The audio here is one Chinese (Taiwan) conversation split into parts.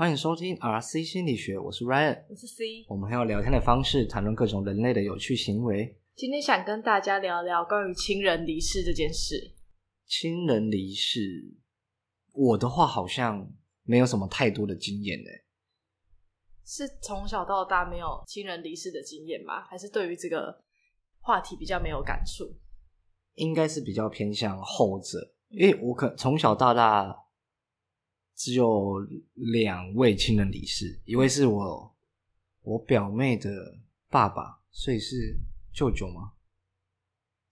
歡迎收聽 RC 心理學，我是 Ryan，我是 C，我們還有聊天的方式，談論各種人類的有趣行為。今天想跟大家聊聊關於親人離世這件事。親人離世，我的話好像沒有什麼太多的經驗誒。是從小到大沒有親人離世的經驗嗎？還是對於這個話題比較沒有感觸？應該是比較偏向後者，嗯，因為我可從小到大。只有兩位親人離世，一位是我我表妹的爸爸，所以是舅舅嘛，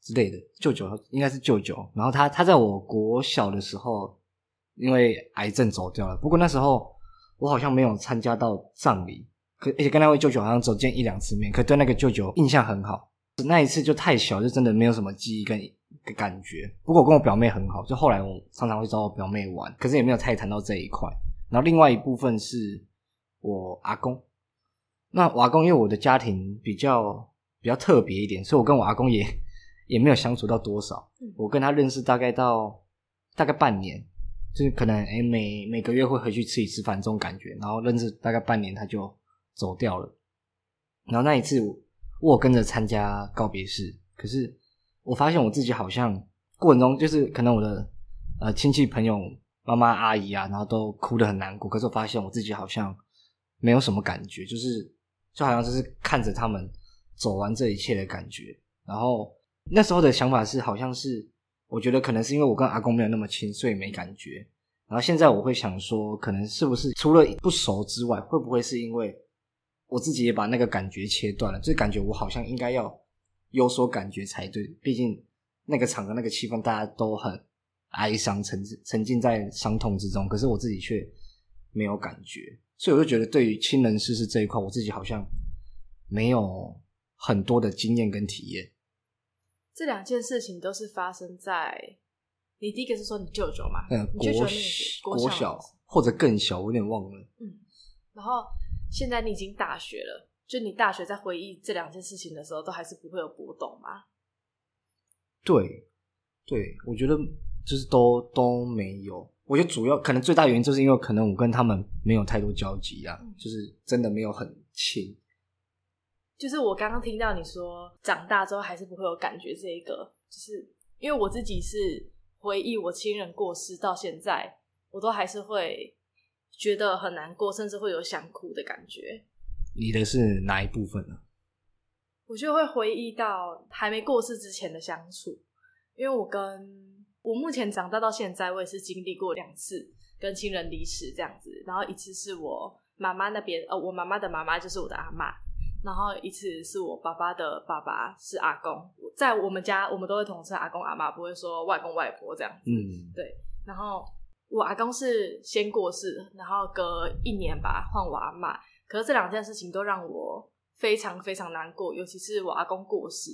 之類的舅舅，應該是舅舅。然後他他在我國小的時候，因為癌症走掉了。不過那時候我好像沒有參加到葬禮，可而且跟那位舅舅好像走見一兩次面，可對那個舅舅印象很好。那一次就太小，就真的沒有什麼記憶跟。感覺不過我跟我表妹很好，就後來我常常會找我表妹玩，可是也沒有太談到這一塊。然後另外一部分是我阿公，那阿公因為我的家庭比較比較特別一點，所以我跟我阿公也也沒有相處到多少。我跟他認識大概到大概半年，就是可能誒每每個月會回去吃一吃飯這種感覺，然後認識大概半年他就走掉了。然後那一次我我跟着參加告別式，可是。我發現我自己好像過程中，就是可能我的呃親戚朋友媽媽阿姨啊，然後都哭得很難過。可是我發現我自己好像沒有什麼感覺，就是就好像就是看着他們走完這一切的感覺。然後那時候的想法是好像是我覺得可能是因為我跟阿公沒有那麼親，所以沒感覺。然後現在我會想說，可能是不是除了不熟之外，會不會是因為我自己也把那個感覺切斷了？就是感覺我好像應該要。有所感覺才對，畢竟那個場合、那個氣氛，大家都很哀傷，沉沉浸在傷痛之中。可是我自己卻沒有感覺，所以我就覺得，對於親人逝世這一塊，我自己好像沒有很多的經驗跟體驗。這兩件事情都是發生在你，第一個是說你舅舅嘛，嗯，國國小，或者更小，我有點忘了。嗯，然後現在你已經大學了。就你大學在回憶這兩件事情的時候，都還是不會有波動嗎？對，對，我覺得就是都都沒有。我覺得主要可能最大原因，就是因為可能我跟他們沒有太多交集呀，啊，嗯，就是真的沒有很親。就是我剛剛聽到你說，長大之後還是不會有感覺，這一個，就是因為我自己是回憶我親人過世到現在，我都還是會覺得很難過，甚至會有想哭的感覺。你的是哪一部分呢？啊。我就會回憶到還沒過世之前的相處，因為我跟我目前長大到現在，我也是經歷過兩次跟親人離世這樣子。然後一次是我媽媽那邊，呃、哦，我媽媽的媽媽就是我的阿嬤。然後一次是我爸爸的爸爸是阿公，在我們家我們都會統稱阿公阿嬤，不會說外公外婆這樣子。嗯，對。然後我阿公是先過世，然後隔一年吧，換我阿嬤。可是這兩件事情都讓我非常非常難過，尤其是我阿公過世，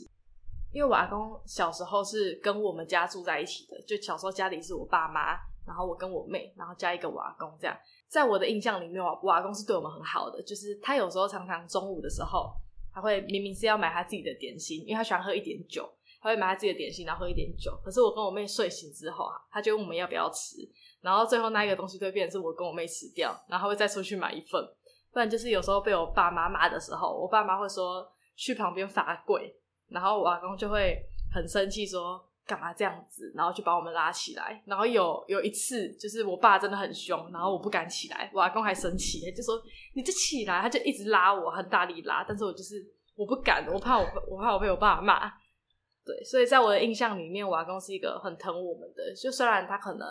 因為我阿公小時候是跟我們家住在一起的，就小時候家裡是我爸媽，然後我跟我妹，然後加一個我阿公這樣。在我的印象裡面，我，我阿公是對我們很好的，就是他有時候常常中午的時候，他會明明是要買他自己的點心，因為他喜歡喝一點酒，他會買他自己的點心，然後喝一點酒。可是我跟我妹睡醒之後啊，他就問我們要不要吃，然後最後那一個東西就變成是我跟我妹吃掉，然後他會再出去買一份。不然就是有時候被我爸媽罵的時候，我爸媽會說去旁邊罰跪，然後我阿公就會很生氣說，說幹嘛這樣子，然後就把我們拉起來。然後有有一次，就是我爸真的很兇，然後我不敢起來，我阿公還生氣，就說你這起來，他就一直拉我，很大力拉，但是我就是我不敢，我怕我我怕我被我爸罵。對，所以在我的印象裡面，我阿公是一個很疼我們的，就雖然他可能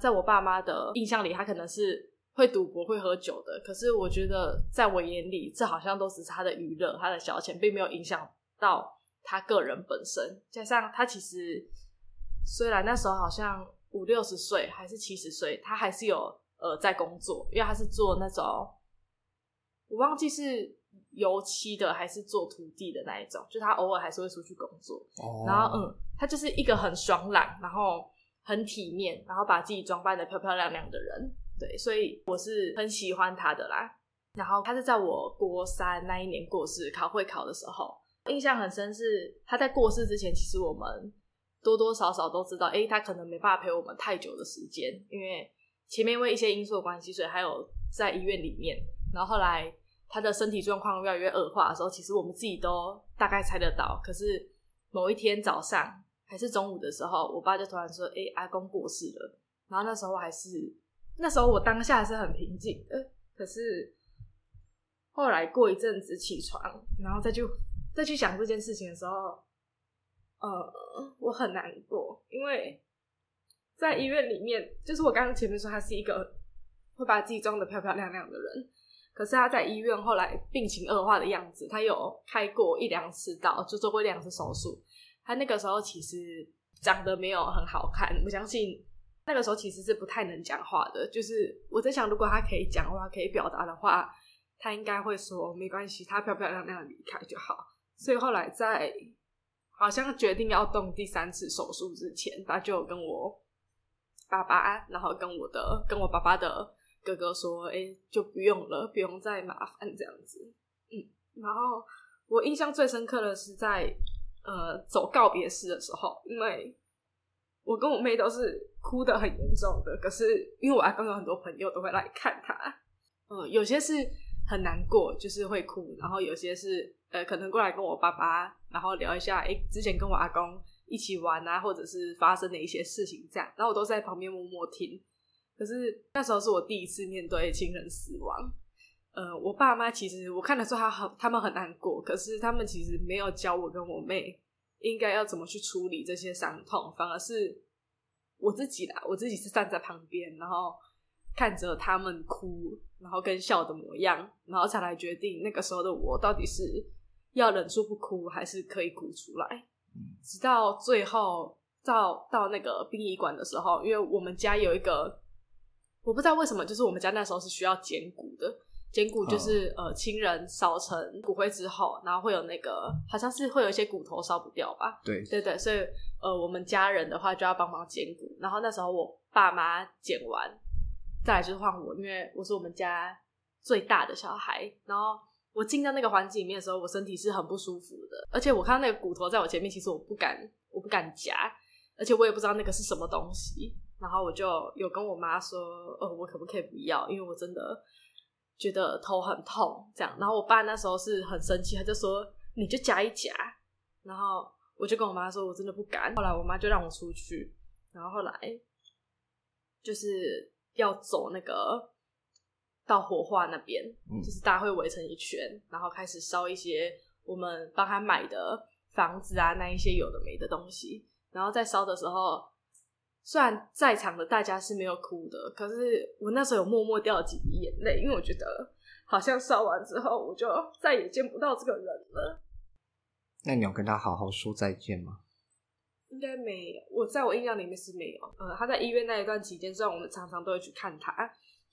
在我爸媽的印象裡，他可能是。會賭博、會喝酒的，可是我覺得，在我眼裡，這好像都只是他的娛樂、他的消遣，並沒有影響到他個人本身。加上他其實雖然那時候好像五六十歲，還是七十歲，他還是有呃在工作，因為他是做那種我忘記是油漆的還是做土地的那一種，就他偶爾還是會出去工作。Oh. 然後，嗯，他就是一個很爽朗，然後很體面，然後把自己裝扮得漂漂亮亮的人。所以我是很喜歡他的啦，然後他是在我國三那一年過世，考會考的時候。印象很深是他在過世之前，其實我們多多少少都知道，哎，他可能沒辦法陪我們太久的時間，因為前面因為一些因素的關係，所以還有在醫院裡面，然後後來他的身體狀況越來越惡化的時候，其實我們自己都大概猜得到，可是某一天早上還是中午的時候，我爸就突然說，哎，阿公過世了，然後那時候我還是。那時候我當下是很平靜的，可是後來過一陣子起床，然後再去再去想這件事情的時候，呃，我很難過，因為在醫院裡面，就是我剛剛前面說他是一個會把自己裝得漂漂亮亮的人，可是他在醫院後來病情惡化的樣子，他有開過一兩次刀，就做過一兩次手術，他那個時候其實長得沒有很好看，我相信。那個時候其實是不太能講話的，就是我在想，如果他可以講話、可以表達的話，他應該會說沒關係，他漂漂亮亮離開就好。所以後來在好像決定要動第三次手術之前，他就跟我爸爸，然後跟我的跟我爸爸的哥哥說：“誒，就不用了，不用再麻煩這樣子。”嗯，然後我印象最深刻的是在呃走告別式的時候，因為。我跟我妹都是哭得很嚴重的，可是因為我阿公有很多朋友都會來看他，嗯、呃，有些是很難過，就是會哭，然後有些是呃，可能過來跟我爸爸，然後聊一下，誒、欸，之前跟我阿公一起玩啊，或者是發生的一些事情這樣，然後我都是在旁邊默默聽。可是那時候是我第一次面對親人死亡，呃，我爸媽其實我看的時候，他很，他們很難過，可是他們其實沒有教我跟我妹，應該要怎麼去處理這些傷痛？反而是我自己啦，我自己是站在旁邊，然後看着他們哭，然後跟笑的模樣，然後才來決定那個時候的我到底是要忍住不哭，還是可以哭出來。直到最後到到那個殯儀館的時候，因為我們家有一個，我不知道為什麼，就是我們家那時候是需要撿骨的。撿骨就是、oh. 呃，親人燒成骨灰之後，然後會有那個，好像是會有一些骨頭燒不掉吧？對，對對，所以呃，我們家人的話就要幫忙撿骨。然後那時候我爸媽撿完，再來就是換我，因為我是我們家最大的小孩。然後我進到那個環境裡面的時候，我身體是很不舒服的，而且我看到那個骨頭在我前面，其實我不敢，我不敢夾，而且我也不知道那個是什麼東西。然後我就有跟我媽說，呃，我可不可以不要？因為我真的。覺得頭很痛，這樣，然後我爸那時候是很生氣，他就說，你就夾一夾。然後我就跟我媽說我真的不敢，後來我媽就讓我出去，然後後來就是要走那個到火化那邊，就是大家會圍成一圈，嗯，然後開始燒一些我們幫他買的房子啊，那一些有的沒的東西，然後在燒的時候。雖然在場的大家是沒有哭的，可是我那時候有默默掉了幾滴眼淚，因為我覺得好像燒完之後我就再也見不到這個人了。那你有跟他好好說再見嗎？應該沒有，我在我印象裡面是沒有。呃，他在醫院那一段期間，雖然我們常常都會去看他，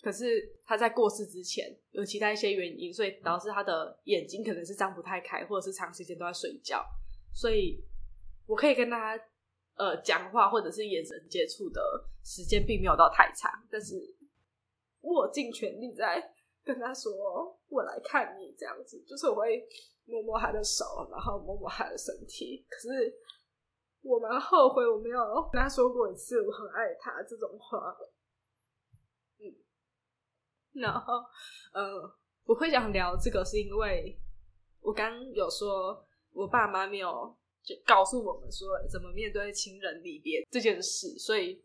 可是他在過世之前有其他一些原因，所以導致他的眼睛可能是張不太開，或者是長時間都在睡覺，所以我可以跟他。呃，講話或者是眼神接觸的時間並沒有到太長，但是我盡全力在跟他說“我來看你”這樣子，就是我會摸摸他的手，然後摸摸他的身體。可是我蠻後悔，我沒有跟他說過一次“我很愛他”這種話。嗯，嗯，然後呃，我會想聊這個，是因為我剛有說我爸媽沒有。就告訴我們說怎麼面對親人離別這件事，所以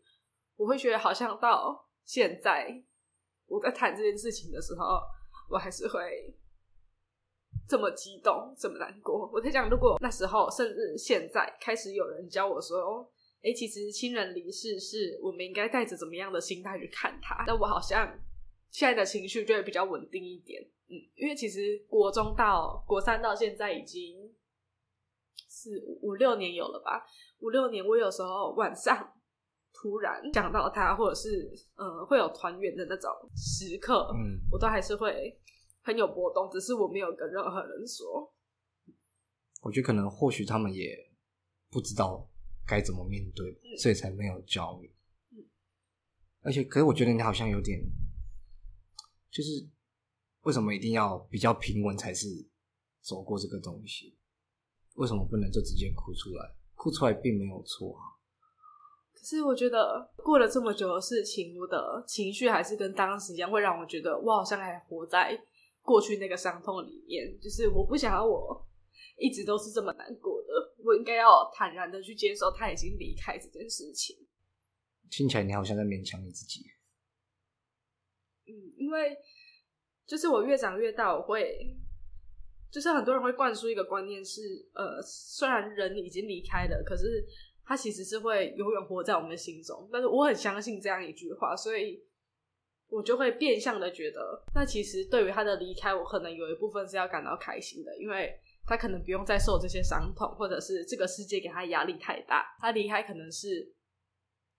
我會覺得好像到現在我在談這件事情的時候，我還是會這麼激動，這麼難過。我在想，如果那時候甚至現在開始有人教我說：“哦，哎，其實親人離世是我們應該帶着怎麼樣的心態去看他？”那我好像現在的情緒就會比較穩定一點。嗯，因為其實國中到國三到現在已經。是五六年有了吧？五六年，我有時候晚上突然想到他，或者是嗯、呃，會有團圓的那種時刻，嗯，我都還是會很有波動，只是我沒有跟任何人說。我覺得可能或許他們也不知道該怎麼面對，嗯、所以才沒有教流。嗯、而且，可是我覺得你好像有點，就是為什麼一定要比較平穩才是走過這個東西？為什麼不能就直接哭出來？哭出來並沒有錯啊。可是我覺得過了這麼久的事情，我的情緒還是跟當時一樣，會讓我覺得我好像還活在過去那個傷痛裡面。就是我不想要我一直都是這麼難過的，我應該要坦然的去接受他已經離開這件事情。聽起來你好像在勉強你自己。嗯，因為就是我越長越大，我會。就是很多人會灌輸一個觀念是，呃，雖然人已經離開了，可是他其實是會永遠活在我們心中。但是我很相信這樣一句話，所以我就會變相的覺得，那其實對於他的離開，我可能有一部分是要感到開心的，因為他可能不用再受這些傷痛，或者是這個世界給他壓力太大，他離開可能是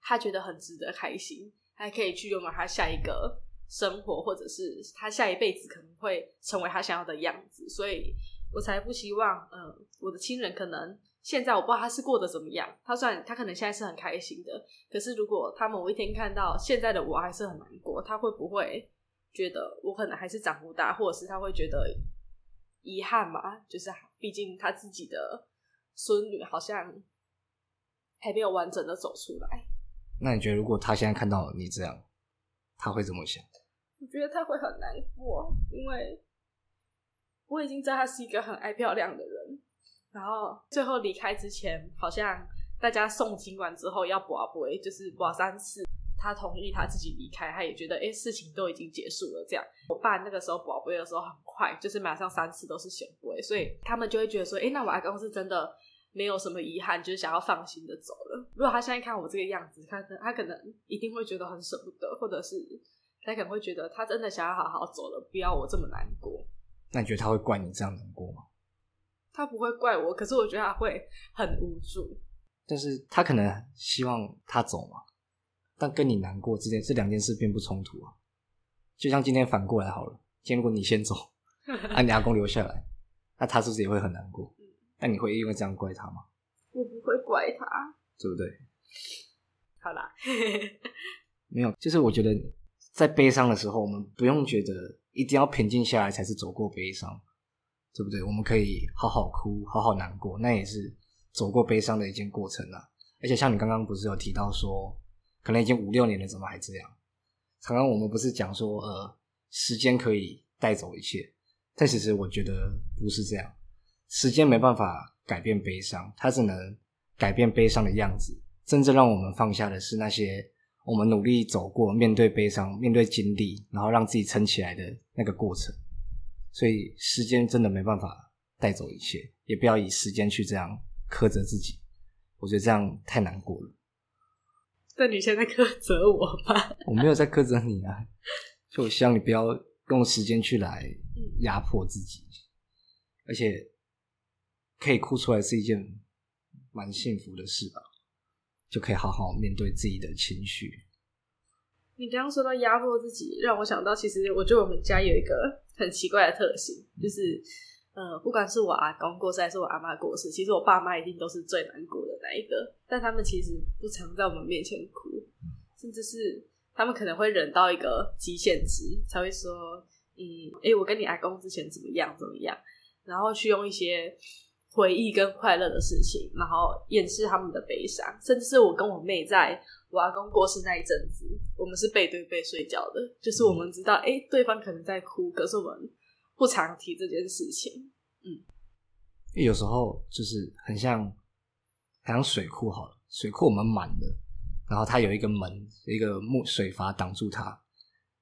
他覺得很值得開心，還可以去擁抱他下一個。生活，或者是他下一輩子可能會成為他想要的樣子，所以我才不希望，嗯、呃，我的親人可能現在我不知道他是過得怎麼樣，他算他可能現在是很開心的，可是如果他某一天看到現在的我還是很難過，他會不會覺得我可能還是長不大，或者是他會覺得遺憾嘛？就是畢竟他自己的孫女好像還沒有完整的走出來。那你覺得，如果他現在看到你這樣？他會怎麼想？我覺得他會很難過，因為我已經知道他是一個很愛漂亮的人。然後最後離開之前，好像大家送親完之後要博杯，就是博三次。他同意他自己離開，他也覺得哎、欸，事情都已經結束了。這樣，我爸那個時候博杯的時候很快，就是馬上三次都是聖杯，所以他們就會覺得說，哎、欸，那我阿公是真的。沒有什麼遺憾，就是想要放心的走了。如果他現在看我這個樣子，他可能他可能一定會覺得很捨不得，或者是他可能會覺得他真的想要好好走了，不要我這麼難過。那你覺得他會怪你這樣難過嗎？他不會怪我，可是我覺得他會很無助。但是他可能希望他走嘛，但跟你難過之間這兩件事並不衝突啊。就像今天反過來好了，今天如果你先走，那、啊、你阿公留下來， 那他是不是也會很難過？那你會因為這樣怪他嗎？我不會怪他，對不對？好啦， 沒有，就是我覺得在悲傷的時候，我們不用覺得一定要平靜下來才是走過悲傷，對不對？我們可以好好哭，好好難過，那也是走過悲傷的一件過程啦。而且像你剛剛不是有提到說，可能已經五六年了，怎麼還這樣？常常我們不是講說，呃，時間可以帶走一切，但其實我覺得不是這樣。時間沒辦法改變悲傷，它只能改變悲傷的樣子。真正讓我們放下的是那些我們努力走過、面對悲傷、面對經歷，然後讓自己撐起來的那個過程。所以，時間真的沒辦法帶走一切，也不要以時間去這樣苛責自己。我覺得這樣太難過了。但你現在苛責我吧？ 我沒有在苛責你啊，就我希望你不要用時間去來壓迫自己，而且。可以哭出來是一件蠻幸福的事吧，就可以好好面對自己的情緒。你剛剛說到壓迫自己，讓我想到，其實我覺得我們家有一個很奇怪的特性，嗯、就是，呃，不管是我阿公過世還是我阿媽過世，其實我爸媽一定都是最難過的那一個，但他們其實不常在我們面前哭，嗯、甚至是他們可能會忍到一個極限值才會說，嗯，誒，我跟你阿公之前怎麼樣怎麼樣，然後去用一些。回憶跟快樂的事情，然後掩飾他們的悲傷，甚至是我跟我妹在我阿公過世那一陣子，我們是背對背睡覺的，就是我們知道，哎、嗯欸，對方可能在哭，可是我們不常提這件事情。嗯，有時候就是很像，很像水庫好了，水庫我們滿了，然後它有一個門，有一個木水閥擋住它，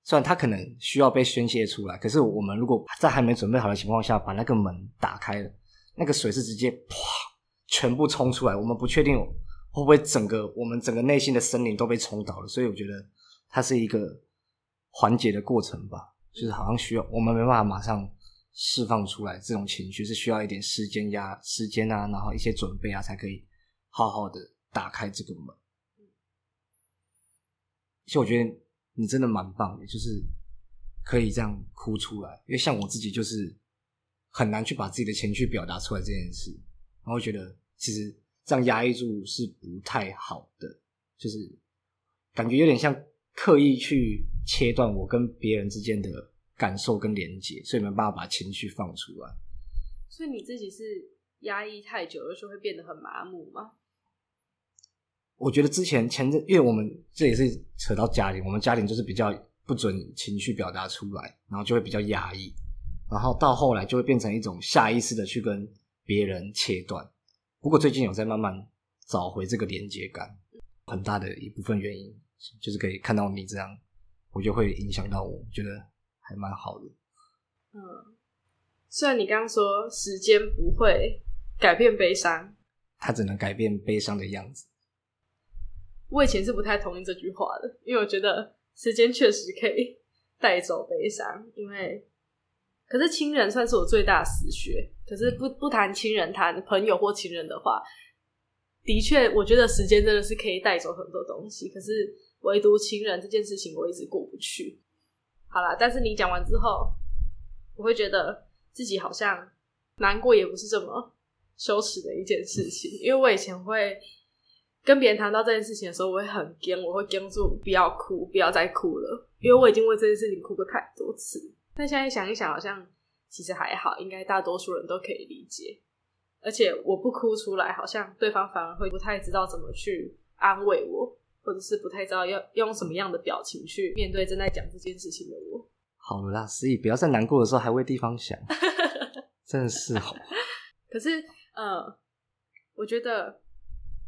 雖然它可能需要被宣洩出來，可是我們如果在還沒準備好的情況下把那個門打開了。那個水是直接啪全部衝出來。我們不確定，會不會整個我們整個內心的森林都被衝倒了。所以我覺得它是一個緩解的過程吧，就是好像需要我們沒辦法馬上釋放出來這種情緒，是需要一點時間壓時間啊，然後一些準備啊，才可以好好的打開這個門。其實我覺得你真的蠻棒的，就是可以這樣哭出來。因為像我自己就是。很難去把自己的情緒表達出來這件事，然後我覺得其實這樣壓抑住是不太好的，就是感覺有點像刻意去切斷我跟別人之間的感受跟連接，所以沒有辦法把情緒放出來。所以你自己是壓抑太久的時候會變得很麻木嗎？我覺得之前前陣，因為我們這也是扯到家庭，我們家庭就是比較不准情緒表達出來，然後就會比較壓抑。然後到後來就會變成一種下意識的去跟別人切斷。不過最近有在慢慢找回這個連接感，很大的一部分原因就是可以看到你這樣，我就會影響到我，我覺得還蠻好的。嗯，雖然你剛剛說時間不會改變悲傷，它只能改變悲傷的樣子。我以前是不太同意這句話的，因為我覺得時間確實可以帶走悲傷，因為。可是親人算是我最大的死穴。可是不不談親人，談朋友或親人的話，的確，我覺得時間真的是可以帶走很多東西。可是唯獨親人這件事情，我一直過不去。好啦，但是你講完之後，我會覺得自己好像難過也不是這麼羞恥的一件事情，因為我以前會跟別人談到這件事情的時候，我會很僵，我會僵住，不要哭，不要再哭了，因為我已經為這件事情哭過太多次。但現在想一想，好像其實還好，應該大多數人都可以理解。而且我不哭出來，好像對方反而會不太知道怎麼去安慰我，或者是不太知道要用什麼樣的表情去面對正在講這件事情的我。好啦，所以不要在難過的時候還為對方想，真是好。 可是，呃，我覺得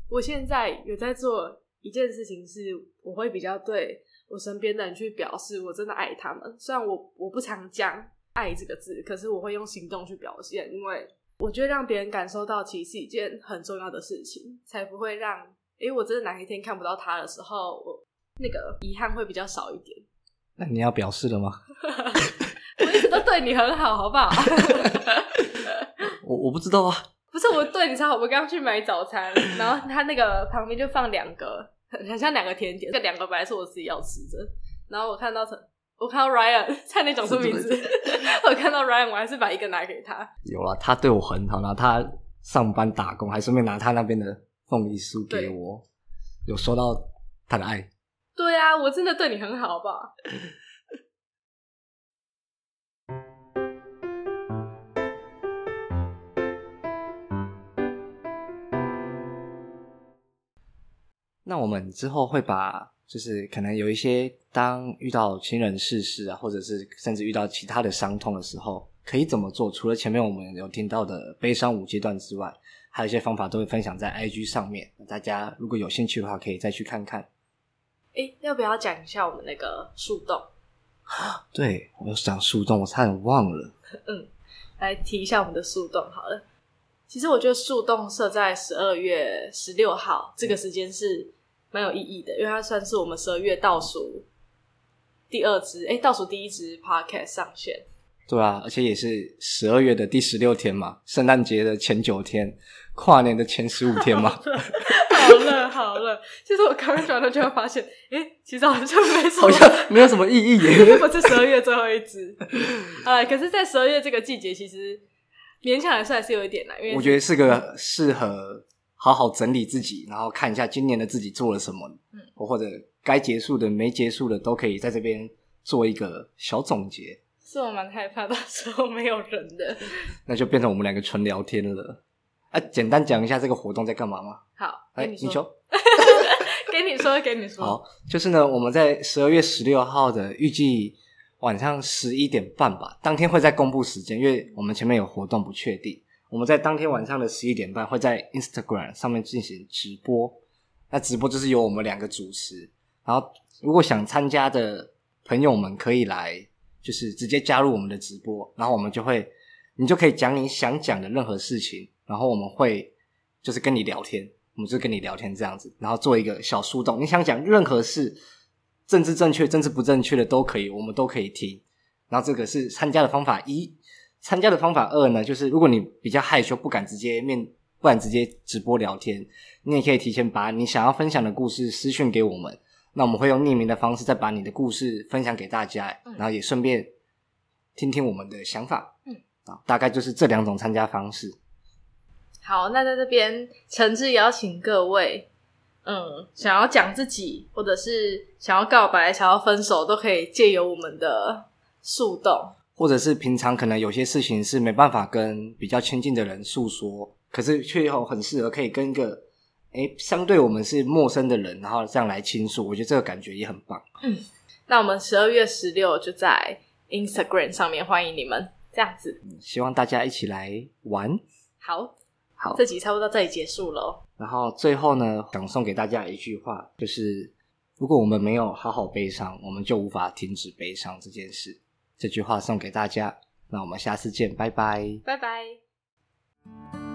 我現在有在做一件事情，是我會比較對。我身邊的人去表示我真的愛他們，雖然我我不常講“愛”這個字，可是我會用行動去表現，因為我覺得讓別人感受到其實是一件很重要的事情，才不會讓誒、欸、我真的哪一天看不到他的時候，我那個遺憾會比較少一點。那你要表示了嗎？ 我一直都對你很好，好不好？ 我我不知道啊。不是我對你好，我剛去買早餐，然後他那個旁邊就放兩個。很像兩個甜點，這個、兩個本來是我自己要吃着。然後我看到，我看到 Ryan，差點講錯名字。對對 我看到 Ryan，我還是把一個拿給他。有了，啊，他對我很好，啊。然後他上班打工，還順便拿他那邊的鳳梨酥給我，對有收到他的愛。對啊，我真的對你很好，好，好，吧。 那我們之後會把，就是可能有一些當遇到親人逝世啊，或者是甚至遇到其他的傷痛的時候，可以怎麼做？除了前面我們有聽到的悲傷五階段之外，還有一些方法都會分享在 IG 上面。大家如果有興趣的話，可以再去看看。哎，要不要講一下我們那個樹洞？對，我要講樹洞，我差點忘了。嗯，來提一下我們的樹洞好了。其實我覺得樹洞設在十二月十六號這個時間是蠻有意義的，因為它算是我們十二月倒數第二支，哎、欸，倒數第一支 podcast 上線。對啊，而且也是十二月的第十六天嘛，聖誕節的前九天，跨年的前十五天嘛。好了 好了，其實、就是，我剛轉頭就會發現，哎、欸，其實好像沒什麼，好像沒有什麼意義耶，因為是十二月最後一支。哎， 可是，在十二月這個季節，其實勉強來說還是有一點的，因為我覺得是個適合好好整理自己，然後看一下今年的自己做了什麼，嗯，或或者該結束的沒結束的，都可以在這邊做一個小總結。是我蠻害怕到時候沒有人的，那就變成我們兩個純聊天了。啊，簡單講一下這個活動在幹嘛嗎？好，來跟你說，修 給你說，給你說，好，就是呢，我們在十二月十六號的預計晚上十一點半吧，當天會再公布時間，因為我們前面有活動不確定。我們在當天晚上的十一點半會在 Instagram 上面進行直播。那直播就是由我們兩個主持，然後如果想參加的朋友們可以來，就是直接加入我們的直播，然後我們就會，你就可以講你想講的任何事情，然後我們會就是跟你聊天，我們就跟你聊天這樣子，然後做一個小樹洞，你想講任何事，政治正確、政治不正確的都可以，我們都可以聽。然後這個是參加的方法一。參加的方法二呢，就是如果你比較害羞，不敢直接面，不敢直接直播聊天，你也可以提前把你想要分享的故事私訊給我們，那我們會用匿名的方式再把你的故事分享給大家，然後也順便聽聽我們的想法。嗯，啊，大概就是這兩種參加方式。好，那在這邊誠摯邀請各位，嗯，想要講自己，或者是想要告白、想要分手，都可以借由我們的樹洞。或者是平常可能有些事情是沒辦法跟比較親近的人訴說，可是卻又很適合可以跟一個哎、欸、相對我們是陌生的人，然後這樣來傾訴，我覺得這個感覺也很棒。嗯，那我們十二月十六就在 Instagram 上面歡迎你們，這樣子，嗯，希望大家一起來玩。好，好，這集差不多到這裡結束嘍。然後最後呢，想送給大家一句話，就是如果我們沒有好好悲傷，我們就無法停止悲傷這件事。這句話送給大家，那我們下次見，拜拜，拜拜。